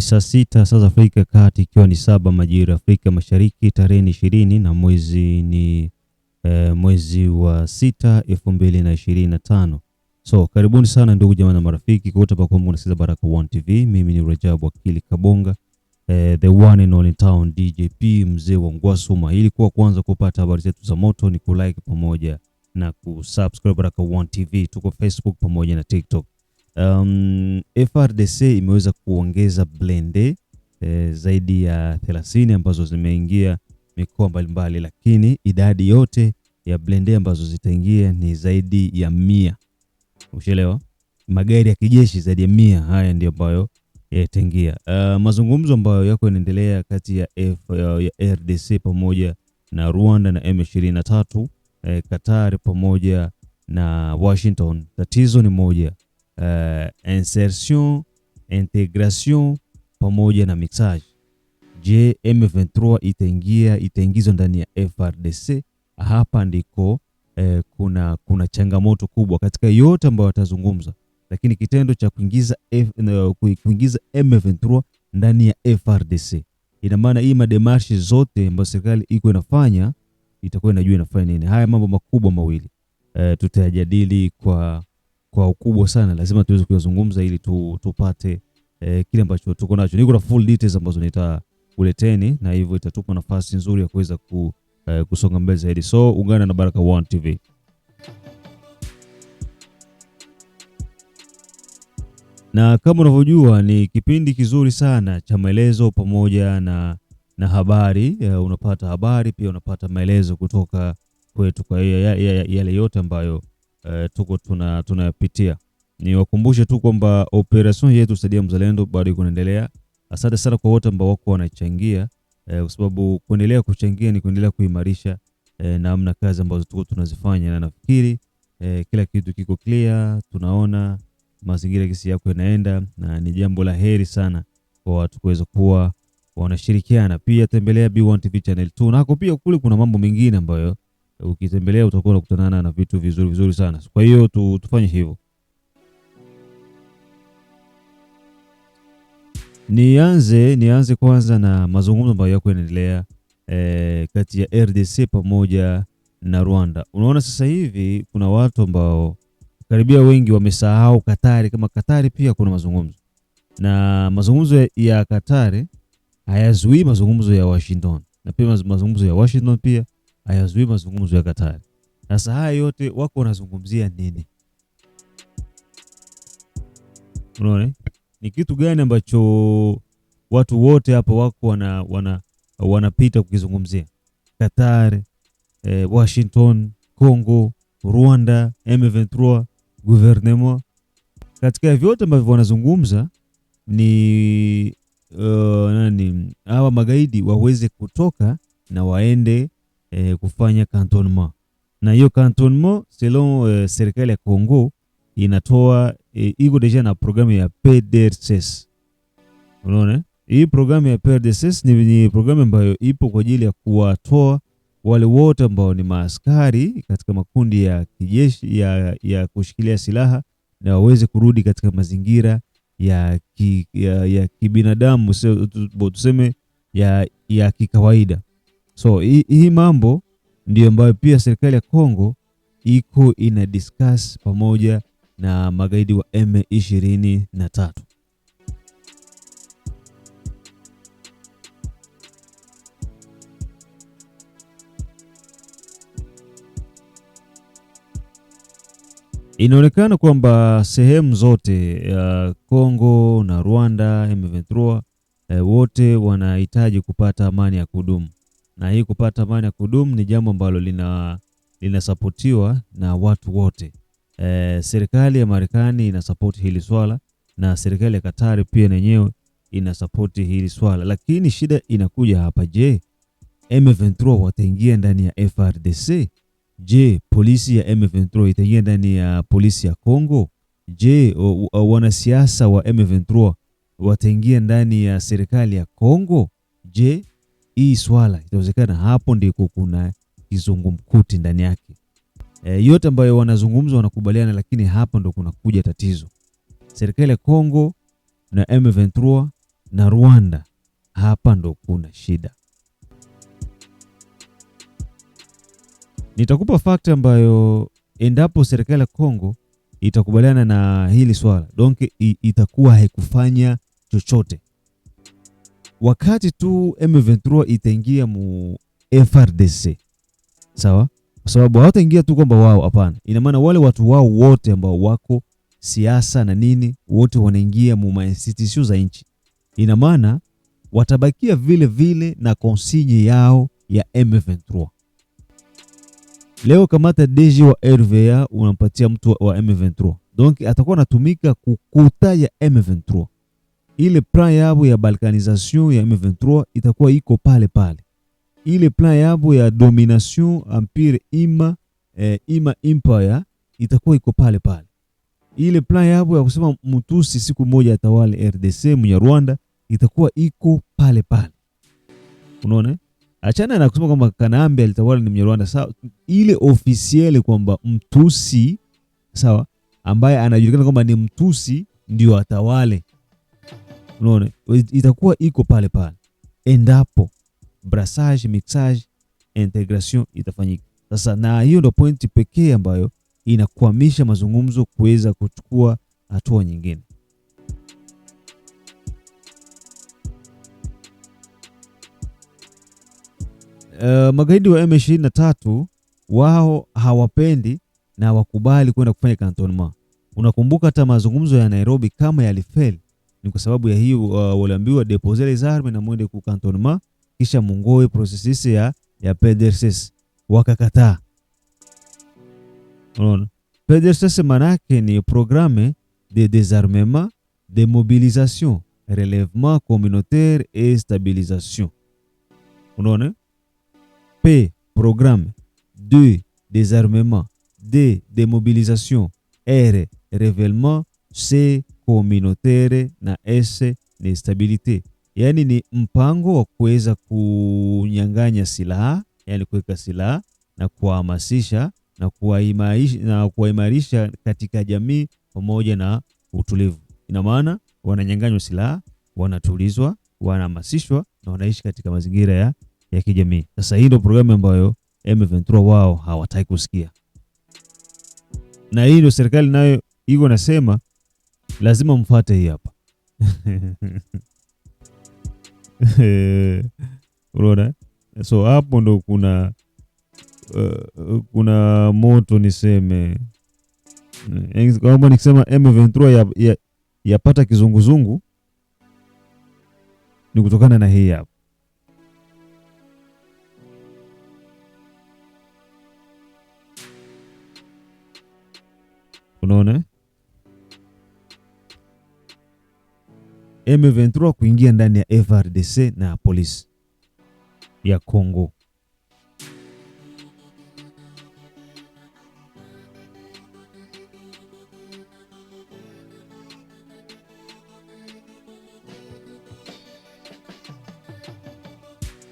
saa sita saa za Afrika ya Kati, ikiwa ni saba majira ya Afrika Mashariki, tarehe ishirini na mwezi ni e, mwezi wa sita elfu mbili na ishirini na tano. So karibuni sana ndugu jamaa na marafiki kutoka hapa kwa mwanasiasa Baraka One TV. Mimi ni Rajabu Akili Kabonga, e, the one and only town DJP, mzee wa Ngwasuma. Ili kuwa kwanza kupata habari zetu za moto ni kulike pamoja na kusubscribe Baraka One TV. Tuko Facebook pamoja na TikTok. Um, FRDC imeweza kuongeza blende e, eh, zaidi ya 30 ambazo zimeingia mikoa mbalimbali, lakini idadi yote ya blende ambazo zitaingia ni zaidi ya mia. Ushelewa, magari ya kijeshi zaidi ya mia. Haya ndio ambayo yataingia. Uh, mazungumzo ambayo yako yanaendelea kati ya, F, uh, ya RDC pamoja na Rwanda na M23 eh, Qatar pamoja na Washington. Tatizo ni moja uh, insertion, integration pamoja na mixage. Je, M23 itaingia itaingizwa ndani ya frdc Hapa ndiko eh, kuna, kuna changamoto kubwa katika yote ambayo watazungumza, lakini kitendo cha kuingiza F, eh, kuingiza M23 ndani ya frdc ina maana hii mademarshi zote ambayo serikali iko inafanya itakuwa inajua inafanya nini. Haya mambo makubwa mawili eh, tutayajadili kwa kwa ukubwa sana, lazima tuweze kuyazungumza ili tu, tupate eh, kile ambacho tuko nacho. Niko na full details ambazo nitakuleteni na hivyo itatupa nafasi nzuri ya kuweza ku, eh, kusonga mbele zaidi. So ungana na baraka One TV. Na kama unavyojua ni kipindi kizuri sana cha maelezo pamoja na, na habari eh, unapata habari pia unapata maelezo kutoka kwetu kwa yale yote ambayo e, tuko tunapitia. Tuna niwakumbushe tu kwamba operation yetu Saidia Mzalendo bado iko inaendelea. Asante sana kwa wote ambao wako wanachangia e, kwa sababu kuendelea kuchangia ni kuendelea kuimarisha e, namna kazi ambazo tuko tunazifanya, na nafikiri e, kila kitu kiko clear, tunaona mazingira kisi yako yanaenda, na ni jambo la heri sana kwa watu kuweza kuwa wanashirikiana. Pia tembelea B1 TV channel 2 nako pia kule kuna mambo mengine ambayo ukitembelea utakuwa unakutana na vitu vizuri vizuri sana. Kwa hiyo tu, tufanye hivyo. Nianze nianze kwanza na mazungumzo ambayo yako yanaendelea e, kati ya RDC pamoja na Rwanda. Unaona sasa hivi kuna watu ambao karibia wengi wamesahau Katari, kama Katari pia kuna mazungumzo na mazungumzo ya Katari hayazuii mazungumzo ya Washington na pia mazungumzo ya Washington pia hayazui mazungumzo ya Katari. Sasa haya yote wako wanazungumzia nini? Unaona ni kitu gani ambacho watu wote hapa wako wana, wana, wanapita kukizungumzia Qatar, eh, Washington, Congo, Rwanda, M23, gouvernement. Katika vyote ambavyo wanazungumza ni uh, nani hawa magaidi waweze kutoka na waende eh, kufanya cantonnement, na hiyo cantonnement selon eh, serikali ya Kongo inatoa eh, iko deja na programu ya PDRSS. Unaona hii programu ya PDRSS ni, ni programu ambayo ipo kwa ajili ya kuwatoa wale wote ambao ni maaskari katika makundi ya kijeshi ya, ya kushikilia silaha na waweze kurudi katika mazingira ya, ki, ya, ya kibinadamu tuseme ya, ya kikawaida. So hii mambo ndio ambayo pia serikali ya Kongo iko ina discuss pamoja na magaidi wa M23. Inaonekana kwamba sehemu zote ya Kongo na Rwanda M23 eh, wote wanahitaji kupata amani ya kudumu na hii kupata amani ya kudumu ni jambo ambalo lina linasapotiwa na watu wote. E, serikali ya Marekani inasapoti hili swala na serikali ya Katari pia nenyewe inasapoti hili swala, lakini shida inakuja hapa. Je, M23 wataingia ndani ya frdc Je, polisi ya M23 itaingia ndani ya polisi ya Kongo? Je, wanasiasa wa M23 wataingia ndani ya serikali ya Kongo? Je, hii swala itawezekana hapo ndiko kuna kizungumkuti ndani yake. E, yote ambayo wanazungumza wanakubaliana, lakini hapa ndo kuna kuja tatizo. Serikali ya Kongo na M23 na Rwanda, hapa ndo kuna shida. Nitakupa fakti ambayo endapo serikali ya Kongo itakubaliana na hili swala, donke itakuwa haikufanya chochote wakati tu M23 itaingia mu FRDC sawa, kwa sababu hawataingia tu kwamba wao, hapana. Ina maana wale watu wao wote ambao wako siasa na nini, wote wanaingia mu mainstitution za nchi. Ina maana watabakia vile vile na konsinye yao ya M23. Leo kamata DG wa RVA unampatia mtu wa M23, donc atakuwa anatumika kukuta ya M23 ile plan yabo ya balkanisation ya M23 itakuwa iko pale pale. Ile plan yabo ya domination empire ima eh, ima empire itakuwa iko pale pale. Ile plan yabo ya kusema mtusi siku moja atawale RDC Rwanda itakuwa iko pale pale. Unaona, achana na kusema kwamba Kanambe alitawala ni Mnyarwanda sawa, ile ofisiele kwamba mtusi sawa, ambaye anajulikana kwamba ni mtusi ndio atawale unaona, itakuwa iko pale pale endapo brassage, mixage, integration itafanyika. Sasa na hiyo ndio pointi pekee ambayo inakwamisha mazungumzo kuweza kuchukua hatua nyingine. Uh, magaidi wa M23 wao hawapendi na wakubali kwenda kufanya cantonnement. Unakumbuka hata mazungumzo ya Nairobi kama yalifeli Ni kwa sababu ya hiyo uh, waliambiwa les armes na mwende ku cantonnement kisha mungoe processus ya ya PDRCS wakakataa. Unaona? PDRCS manake ni programme de désarmement, de mobilisation, relèvement communautaire et stabilisation. Unaona? P programme, D désarmement, D démobilisation, R révèlement, C communautaire na S ni stabilite, yaani ni mpango wa kuweza kunyang'anya silaha, yaani kuweka silaha na kuwahamasisha na kuwaimarisha na kuwaimarisha katika jamii pamoja na utulivu. Ina maana wananyang'anywa silaha, wanatulizwa, wanahamasishwa na wanaishi katika mazingira ya, ya kijamii. Sasa hii ndio programu ambayo M23 wao hawataki kusikia, na hii ndio serikali nayo iko nasema lazima mfuate hii hapa unaona. So hapo ndo kuna uh, kuna moto niseme kwamba nikisema M23 yapata ya, ya kizunguzungu ni kutokana na hii hapa. Unaona? M23 kuingia ndani ya frdc na polisi ya Kongo.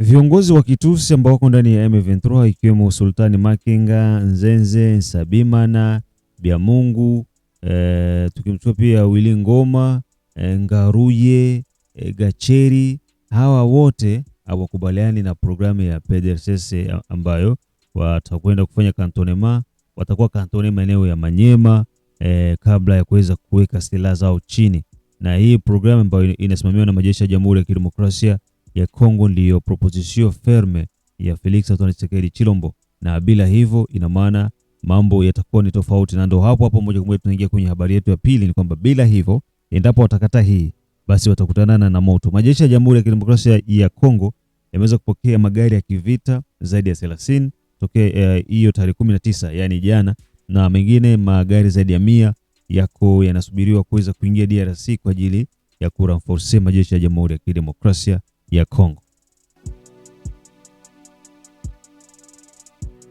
Viongozi wa kitusi ambao wako ndani ya M23 ikiwemo Sultani Makenga, Nzenze, Nsabimana, Biamungu, e, eh, tukimchukua pia Wili Ngoma Eh, Ngaruye, eh, Gacheri hawa wote hawakubaliani na programu ya PDRSS ambayo watakwenda kufanya kantonema, watakuwa kantone maeneo ya Manyema eh, kabla ya kuweza kuweka silaha zao chini. Na hii programu ambayo inasimamiwa na majeshi ya Jamhuri ya Kidemokrasia ya Kongo ndiyo proposition ferme ya Felix Antoine Tshisekedi Chilombo, na bila hivyo ina maana mambo yatakuwa ni tofauti, na ndio hapo hapo moja kwa moja tunaingia kwenye habari yetu ya pili, ni kwamba bila hivyo Endapo watakata hii, basi watakutanana na moto. Majeshi ya Jamhuri ya Kidemokrasia ya Kongo yameweza kupokea magari ya kivita zaidi ya 30 tokea eh, hiyo tarehe 19, yani jana, na mengine magari zaidi ya mia yako yanasubiriwa kuweza kuingia DRC kwa ajili ya kuranforce majeshi ya Jamhuri ya Kidemokrasia ya Kongo.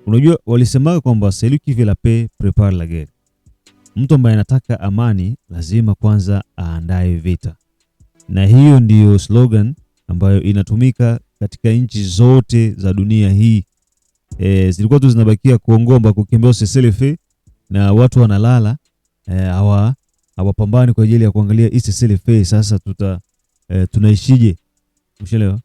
Unajua walisemaga kwamba celui qui veut la paix prepare la guerre. Mtu ambaye anataka amani lazima kwanza aandae vita, na hiyo ndiyo slogan ambayo inatumika katika nchi zote za dunia hii. E, zilikuwa tu zinabakia kuongomba, kukimbia seselefe na watu wanalala e, hawa e, hawapambani kwa ajili ya kuangalia seselefe sasa tuta e, tunaishije? Mshelewa.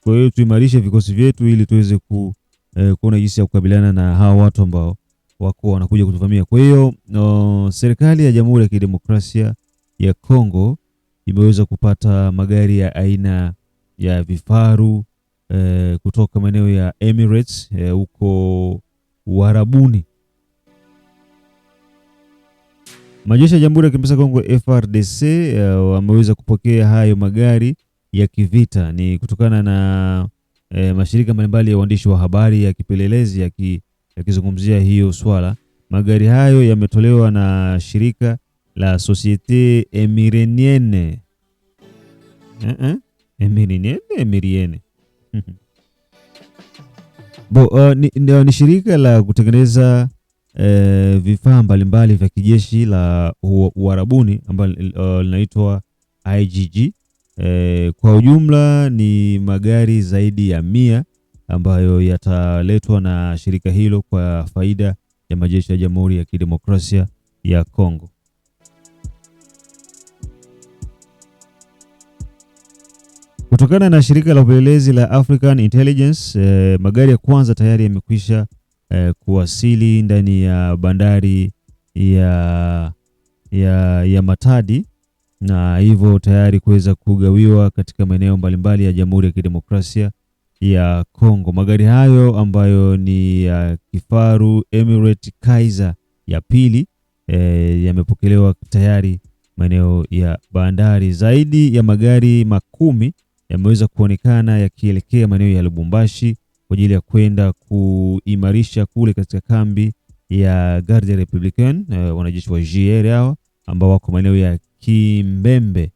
Kwa hiyo tuimarishe vikosi vyetu ili tuweze ku, e, kuona jinsi ya kukabiliana na hawa watu ambao wako wanakuja kutuvamia. Kwa hiyo no, serikali ya Jamhuri ya Kidemokrasia ya Kongo imeweza kupata magari ya aina ya vifaru eh, kutoka maeneo ya Emirates eh, huko eh, Warabuni. Majeshi ya Jamhuri ya Kidemokrasia ya Kongo FARDC eh, wameweza kupokea hayo magari ya kivita ni kutokana na eh, mashirika mbalimbali ya waandishi wa habari ya kipelelezi yaki yakizungumzia hiyo swala. Magari hayo yametolewa na shirika la Societe Emirienne uh eh, -uh. Eh? Emirienne Emirienne Bo, uh, ni, ni shirika la kutengeneza uh, vifaa mbalimbali vya kijeshi la Uarabuni ambalo uh, linaitwa IGG. Uh, kwa ujumla ni magari zaidi ya mia ambayo yataletwa na shirika hilo kwa faida ya majeshi ya Jamhuri ya Kidemokrasia ya Kongo. Kutokana na shirika la upelelezi la African Intelligence eh, magari ya kwanza tayari yamekwisha eh, kuwasili ndani ya bandari ya, ya, ya Matadi na hivyo tayari kuweza kugawiwa katika maeneo mbalimbali ya Jamhuri ya Kidemokrasia ya Kongo. Magari hayo ambayo ni ya kifaru Emirate Kaiser ya pili e, yamepokelewa tayari maeneo ya bandari. Zaidi ya magari makumi yameweza kuonekana yakielekea maeneo ya Lubumbashi kwa ajili ya kwenda kuimarisha kule katika kambi ya Garde Republican e, eh, wanajeshi wa JR hao ambao wako maeneo ya Kimbembe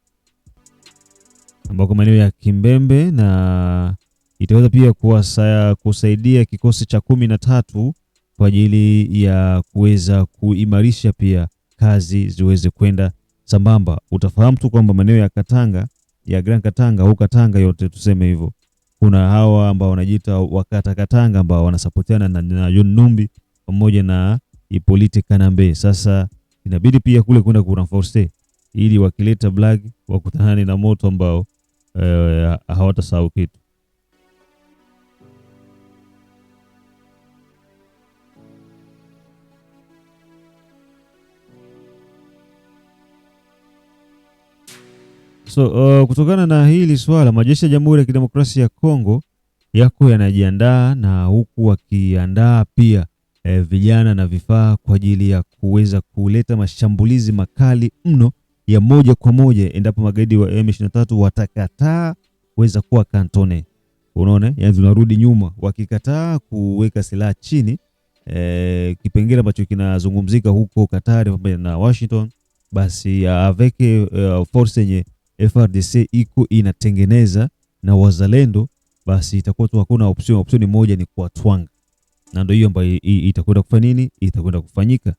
ambako maeneo ya Kimbembe na itaweza pia kuwasa, kusaidia kikosi cha kumi na tatu kwa ajili ya kuweza kuimarisha pia kazi ziweze kwenda sambamba. Utafahamu tu kwamba maeneo ya Katanga ya Grand Katanga au Katanga yote tuseme hivyo, kuna hawa ambao wanajiita wakata Katanga ambao wanasapotiana na, na John Numbi pamoja na Ipolite Kanambe. Sasa inabidi pia kule kwenda kuna force ili wakileta blag wakutanane na moto ambao eh, hawatasahau kitu. So uh, kutokana na hili swala, majeshi ya Jamhuri ya Kidemokrasia ya Kongo yako yanajiandaa na huku wakiandaa pia eh, vijana na vifaa kwa ajili ya kuweza kuleta mashambulizi makali mno ya moja kwa moja endapo magaidi wa M23 watakataa kuweza kuwa kantone. Unaona, yani tunarudi nyuma, wakikataa kuweka silaha chini e, kipengele ambacho kinazungumzika huko Katari pamoja na Washington, basi uh, aveke uh, force yenye FRDC iko inatengeneza na wazalendo, basi itakuwa tu hakuna option. Option moja ni kuwatwanga, na ndio hiyo ambayo itakwenda kufanya nini, itakwenda kufanyika.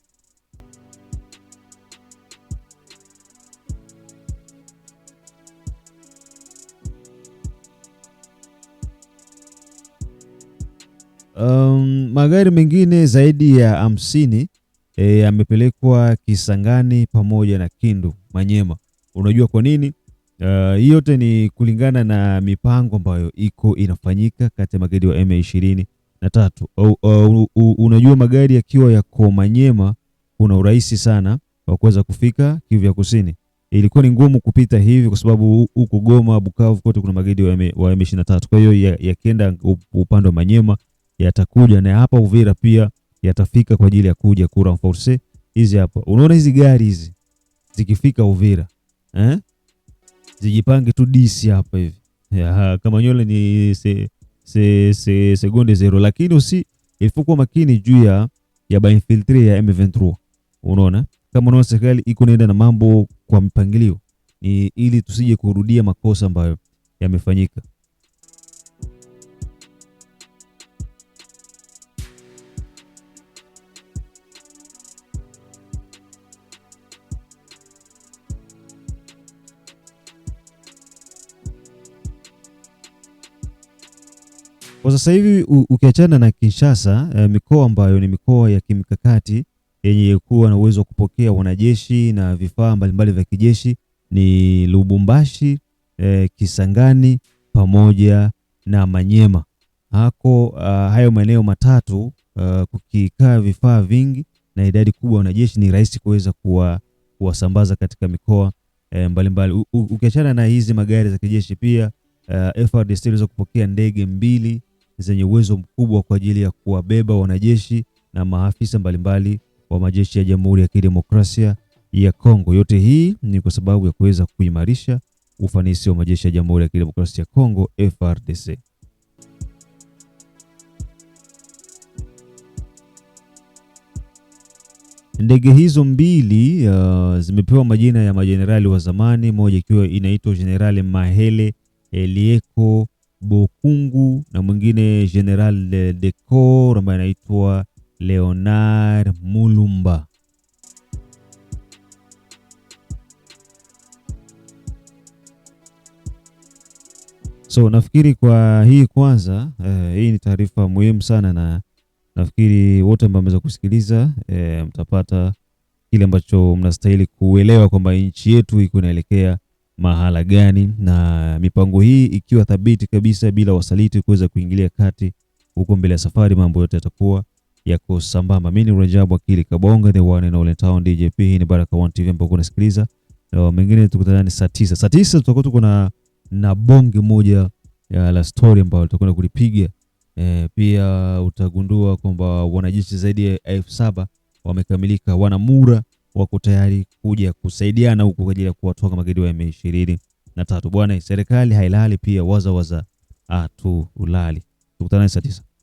Um, magari mengine zaidi ya hamsini eh, yamepelekwa e, Kisangani pamoja na Kindu Manyema. Unajua kwa nini? Eh, hii uh, yote ni kulingana na mipango ambayo iko inafanyika kati ya magari wa M23 au, au, unajua magari yakiwa yako Manyema kuna urahisi sana wa kuweza kufika Kivu ya Kusini. Ilikuwa ni ngumu kupita hivi kwa sababu huko Goma, Bukavu kote kuna magari wa M23. Kwa hiyo yakienda upande wa Manyema yatakuja na hapa Uvira pia yatafika kwa ajili ya kuja kura force hizi hapa. Unaona hizi gari hizi zikifika Uvira eh? zijipange tu disi hapa hivi kama nywele ni se, se, se, sekunde zero, lakini usi ilipokuwa makini juu ya ya infiltre ya M23. Unaona kama unaona serikali iko naenda na mambo kwa mpangilio, ni ili tusije kurudia makosa ambayo yamefanyika. sasa hivi ukiachana na Kinshasa eh, mikoa ambayo ni mikoa ya kimkakati yenye kuwa na uwezo wa kupokea wanajeshi na vifaa mbalimbali vya kijeshi ni Lubumbashi eh, Kisangani pamoja na Manyema. Hako uh, hayo maeneo matatu uh, kukikaa vifaa vingi na idadi kubwa ya wanajeshi ni rahisi kuweza kuwa kuwasambaza katika mikoa eh, mbalimbali. Ukiachana na hizi magari za kijeshi pia uh, ah, FRDC iliweza kupokea ndege mbili zenye uwezo mkubwa kwa ajili ya kuwabeba wanajeshi na maafisa mbalimbali wa majeshi ya Jamhuri ya Kidemokrasia ya Kongo. Yote hii ni kwa sababu ya kuweza kuimarisha ufanisi wa majeshi ya Jamhuri ya Kidemokrasia ya Kongo frdc Ndege hizo mbili uh, zimepewa majina ya majenerali wa zamani, moja ikiwa inaitwa Jenerali Mahele Elieko Bokungu na mwingine General Decor ambaye anaitwa Leonard Mulumba. So nafikiri kwa hii kwanza, eh, hii ni taarifa muhimu sana, na nafikiri wote ambao wameweza kusikiliza eh, mtapata kile ambacho mnastahili kuelewa kwamba nchi yetu iko inaelekea mahala gani, na mipango hii ikiwa thabiti kabisa bila wasaliti kuweza kuingilia kati, huko mbele ya safari mambo yote yatakuwa yako sambamba. Mimi ni Rajab Akili Kabonga, the one and only town DJP. Hii ni Baraka One TV ambapo unasikiliza na mengine, tukutane saa 9. Saa 9 tutakuwa tuko na na bonge moja ya la story ambayo tutakwenda kulipiga. E, pia utagundua kwamba wanajeshi zaidi ya elfu saba wamekamilika, mura wako tayari kuja kusaidiana huku kwa ajili ya kuwatoa kama wa M23. Na tatu, bwana serikali hailali pia wazawaza atulali. Tukutane saa tisa.